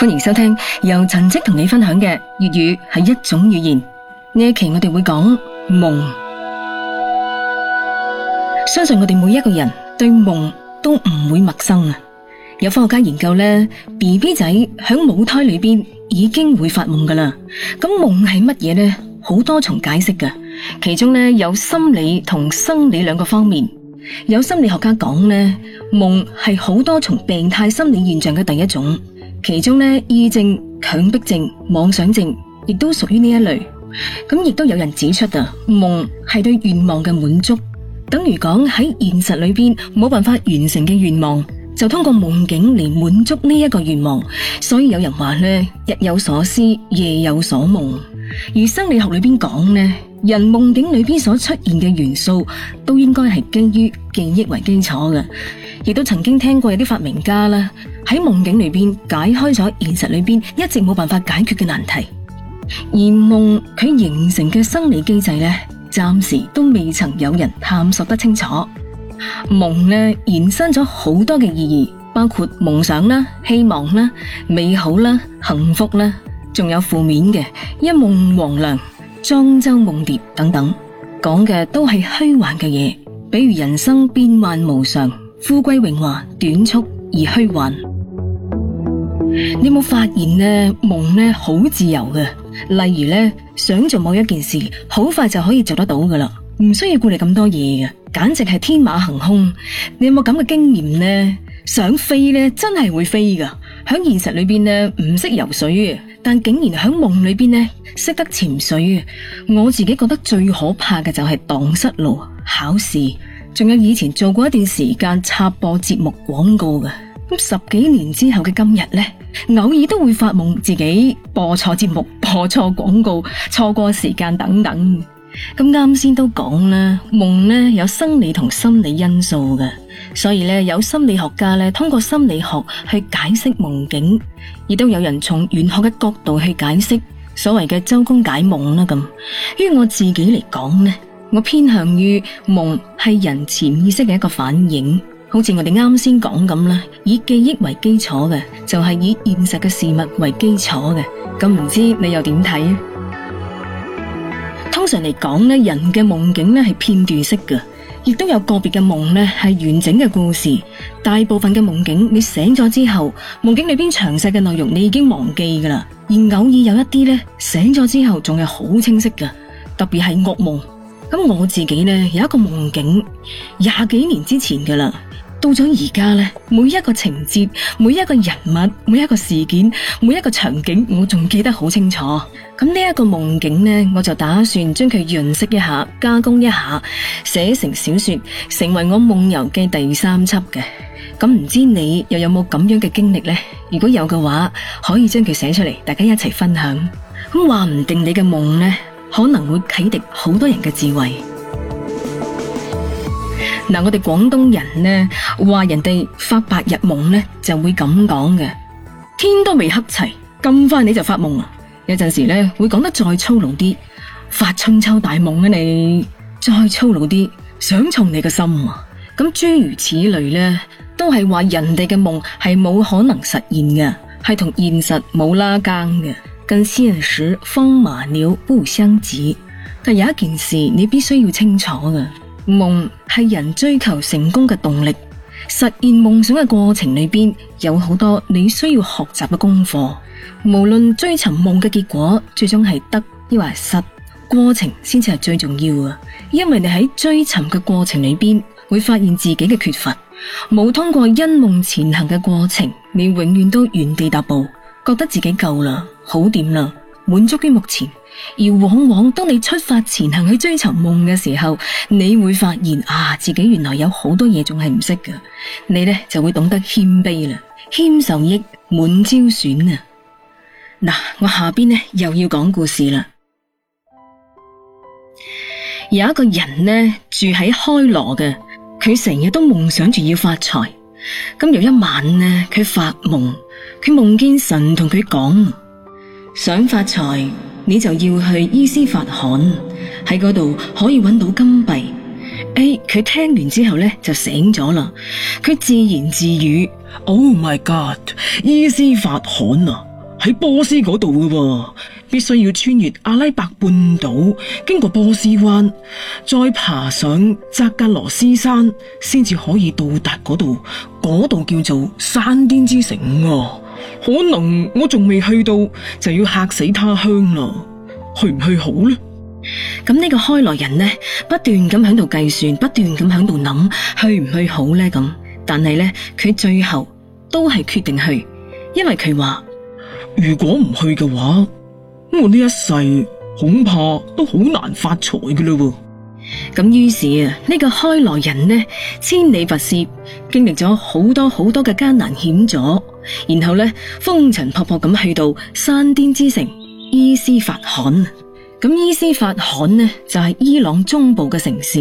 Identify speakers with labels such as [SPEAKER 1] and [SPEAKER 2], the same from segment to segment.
[SPEAKER 1] 歡迎收聽由陳跡同你分享嘅粵語係一種語言。呢一期我哋會講夢。相信我哋每一個人對夢都唔會陌生。有科學家研究咧，B B 仔響母胎裏邊已經會發夢噶啦。咁夢係乜嘢呢？好多重解釋噶。其中咧有心理同生理兩個方面。有心理學家講呢，夢係好多重病態心理現象嘅第一種。其中呢，抑鬱症、強迫症、妄想症，亦都屬於呢一類。咁亦都有人指出啊，夢係對願望嘅滿足，等於講喺現實裏邊冇辦法完成嘅願望，就通過夢境嚟滿足呢一個願望。所以有人話呢：「日有所思，夜有所夢。」而生理學裏邊講呢，人夢境裏邊所出現嘅元素都應該係基於記憶為基礎嘅，亦都曾經聽過有啲發明家啦，喺夢境裏邊解開咗現實裏邊一直冇辦法解決嘅難題。而夢佢形成嘅生理機制呢，暫時都未曾有人探索得清楚。夢呢，延伸咗好多嘅意義，包括夢想啦、希望啦、美好啦、幸福啦。仲有負面嘅一夢黃粱、莊周夢蝶等等，講嘅都係虛幻嘅嘢，比如人生變幻無常、富貴榮華、短促而虛幻。你有冇發現呢？夢呢好自由嘅，例如呢，想做某一件事，好快就可以做得到噶啦，唔需要顧慮咁多嘢嘅，簡直係天馬行空。你有冇咁嘅經驗呢？想飛呢，真係會飛噶。喺現實裏面咧，唔識游水，但竟然喺夢裏面咧，識得潛水。我自己覺得最可怕嘅就係蕩失路、考試，仲有以前做過一段時間插播節目廣告嘅。咁十幾年之後嘅今日咧，偶爾都會發夢自己播錯節目、播錯廣告、錯過時間等等。咁啱先都講啦，夢咧有生理同心理因素嘅，所以咧有心理學家咧通過心理學去解釋夢境，亦都有人從玄學嘅角度去解釋所謂嘅周公解夢啦。咁於我自己嚟講咧，我偏向於夢係人潛意識嘅一個反應，好似我哋啱先講咁啦，以記憶為基礎嘅，就係以現實嘅事物為基礎嘅。咁唔知你又點睇？正常嚟講咧，人嘅夢境咧係片段式嘅，亦都有個別嘅夢咧係完整嘅故事。大部分嘅夢境你醒咗之後，夢境裏邊詳細嘅內容你已經忘記噶啦，而偶爾有一啲咧醒咗之後仲係好清晰噶，特別係噩夢。咁我自己咧有一個夢境廿幾年之前噶啦。到咗而家呢，每一個情節、每一個人物、每一個事件、每一個場景，我仲記得好清楚。咁呢一個夢境呢，我就打算將佢潤色一下、加工一下，寫成小說，成為我夢遊嘅第三輯嘅。咁唔知你又有冇咁樣嘅經歷呢？如果有嘅話，可以將佢寫出嚟，大家一齊分享。咁話唔定你嘅夢呢，可能會啟迪好多人嘅智慧。嗱，那我哋廣東人呢，話人哋發白日夢呢，就會咁講嘅，天都未黑齊咁快你就發夢啦、啊。有陣時呢，會講得再粗魯啲，發春秋大夢啊你，再粗魯啲，想從你個心啊。咁諸如此類呢，都係話人哋嘅夢係冇可能實現嘅，係同現實冇拉更嘅，跟現實風馬牛不相及。但有一件事你必須要清楚嘅。夢係人追求成功嘅動力，實現夢想嘅過程裏邊有好多你需要學習嘅功課。無論追尋夢嘅結果，最終係得亦或係失，過程先至係最重要啊！因為你喺追尋嘅過程裏邊，會發現自己嘅缺乏。冇通過因夢前行嘅過程，你永遠都原地踏步，覺得自己夠啦，好掂啦。滿足於目前，而往往當你出發前行去追尋夢嘅時候，你會發現啊，自己原來有好多嘢仲係唔識嘅，你呢就會懂得謙卑啦，謙受益，滿招損啊！嗱，我下邊呢又要講故事啦，有一個人呢住喺開羅嘅，佢成日都夢想住要發財，咁有一晚呢，佢發夢，佢夢見神同佢講。想發財，你就要去伊斯法罕。喺嗰度可以揾到金幣。哎、欸，佢聽完之後呢，就醒咗啦。佢自言自語：Oh my god！伊斯法罕啊，喺波斯嗰度噶，必須要穿越阿拉伯半島，經過波斯灣，再爬上扎格羅斯山，先至可以到達嗰度。嗰度叫做山巔之城啊！可能我仲未去到，就要客死他鄉啦，去唔去好咧？咁呢個開羅人呢，不斷咁喺度計算，不斷咁喺度諗，去唔去好咧？咁，但係咧，佢最後都係決定去，因為佢話如果唔去嘅話，我呢一世恐怕都好難發財嘅啦。咁於是啊，呢個開羅人呢，千里跋涉，經歷咗好多好多嘅艱難險阻，然後呢，風塵仆僕咁去到山巔之城伊斯法罕。咁伊斯法罕呢就係伊朗中部嘅城市，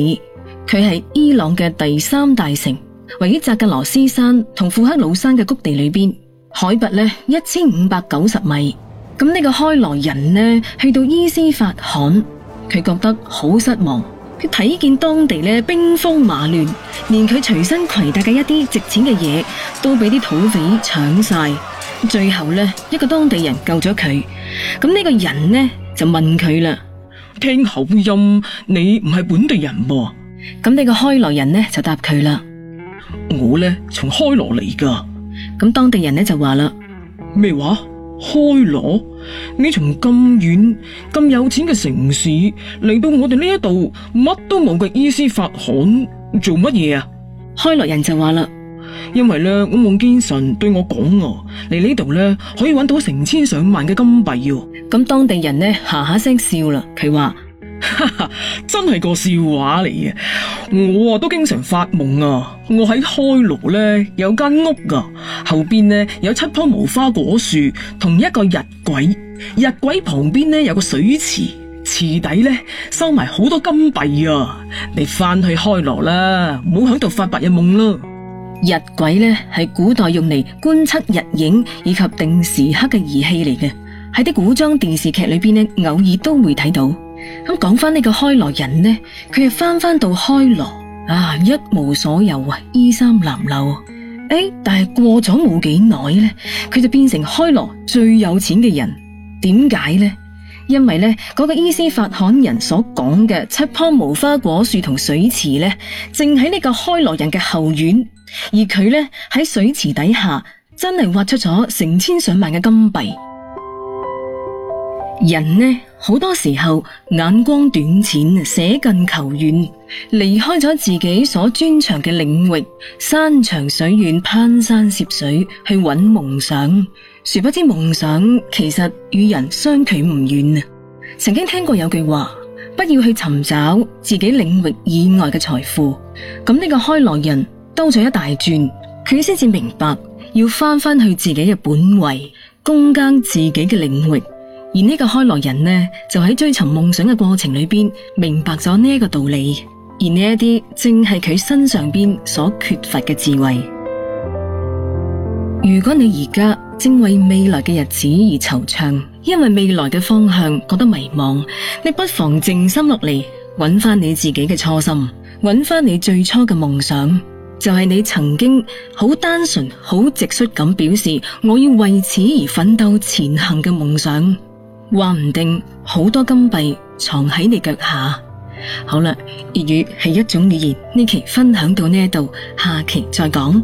[SPEAKER 1] 佢係伊朗嘅第三大城，位於扎格羅斯山同庫克魯山嘅谷地裏邊，海拔呢一千五百九十米。咁呢個開羅人呢去到伊斯法罕，佢覺得好失望。佢睇見當地咧兵荒馬亂，連佢隨身携帶嘅一啲值錢嘅嘢都俾啲土匪搶晒。最後咧，一個當地人救咗佢。咁呢個人呢，就問佢啦：聽口音，你唔係本地人噃啊？咁呢個開羅人呢，就答佢啦：我咧從開羅嚟噶。咁當地人咧就話啦：咩話？開羅，你從咁遠、咁有錢嘅城市嚟到我哋呢一度，乜都冇嘅伊斯法罕做乜嘢啊？開羅人就話啦，因為咧，我夢見神對我講啊，嚟呢度咧可以搵到成千上萬嘅金幣。咁當地人咧，下下聲笑啦，佢話。哈哈， 真係個笑話嚟嘅。我啊都經常發夢啊。我喺開羅呢，有間屋啊，後邊呢，有七棵無花果樹，同一個日晷。日晷旁邊呢，有個水池，池底呢，收埋好多金幣啊。你翻去開羅啦，唔好喺度發白日夢啦。日晷呢，係古代用嚟觀測日影以及定時刻嘅儀器嚟嘅，喺啲古裝電視劇裏邊呢，偶爾都會睇到。咁講翻呢個開羅人呢，佢又翻翻到開羅啊，一無所有啊，衣衫襤褸啊。誒、哎，但係過咗冇幾耐呢，佢就變成開羅最有錢嘅人。點解呢？因為呢嗰、嗰個伊斯法罕人所講嘅七棵無花果樹同水池呢，正喺呢個開羅人嘅後院，而佢呢喺水池底下真係挖出咗成千上萬嘅金幣。人呢，好多時候眼光短淺，捨近求遠，離開咗自己所專長嘅領域，山長水遠，攀山涉水去揾夢想，殊不知夢想其實與人相距唔遠。曾經聽過有句話：不要去尋找自己領域以外嘅財富。咁呢個開羅人兜咗一大轉，佢先至明白要返返去自己嘅本位，攻堅自己嘅領域。而呢個開羅人呢，就喺追尋夢想嘅過程裏邊，明白咗呢個道理。而呢一啲，正係佢身上邊所缺乏嘅智慧。如果你而家正為未來嘅日子而惆悵，因為未來嘅方向覺得迷茫，你不妨靜心落嚟，揾返你自己嘅初心，揾返你最初嘅夢想，就係你曾經好單純、好直率咁表示我要為此而奮鬥前行嘅夢想。話唔定好多金幣藏喺你腳下。好啦，粵語係一種語言，呢期分享到呢度，下期再講。